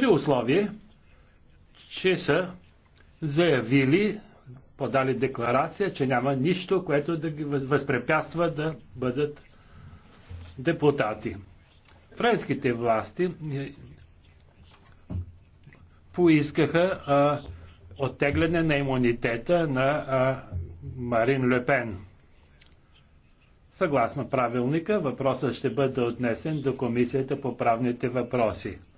при условие, че са заявили, подали декларация, че няма нищо, което да ги възпрепятства да бъдат депутати. Френските власти е, поискаха а, оттегляне на имунитета на а, Марин Лепен. Съгласно правилника, въпросът ще бъде отнесен до Комисията по правните въпроси.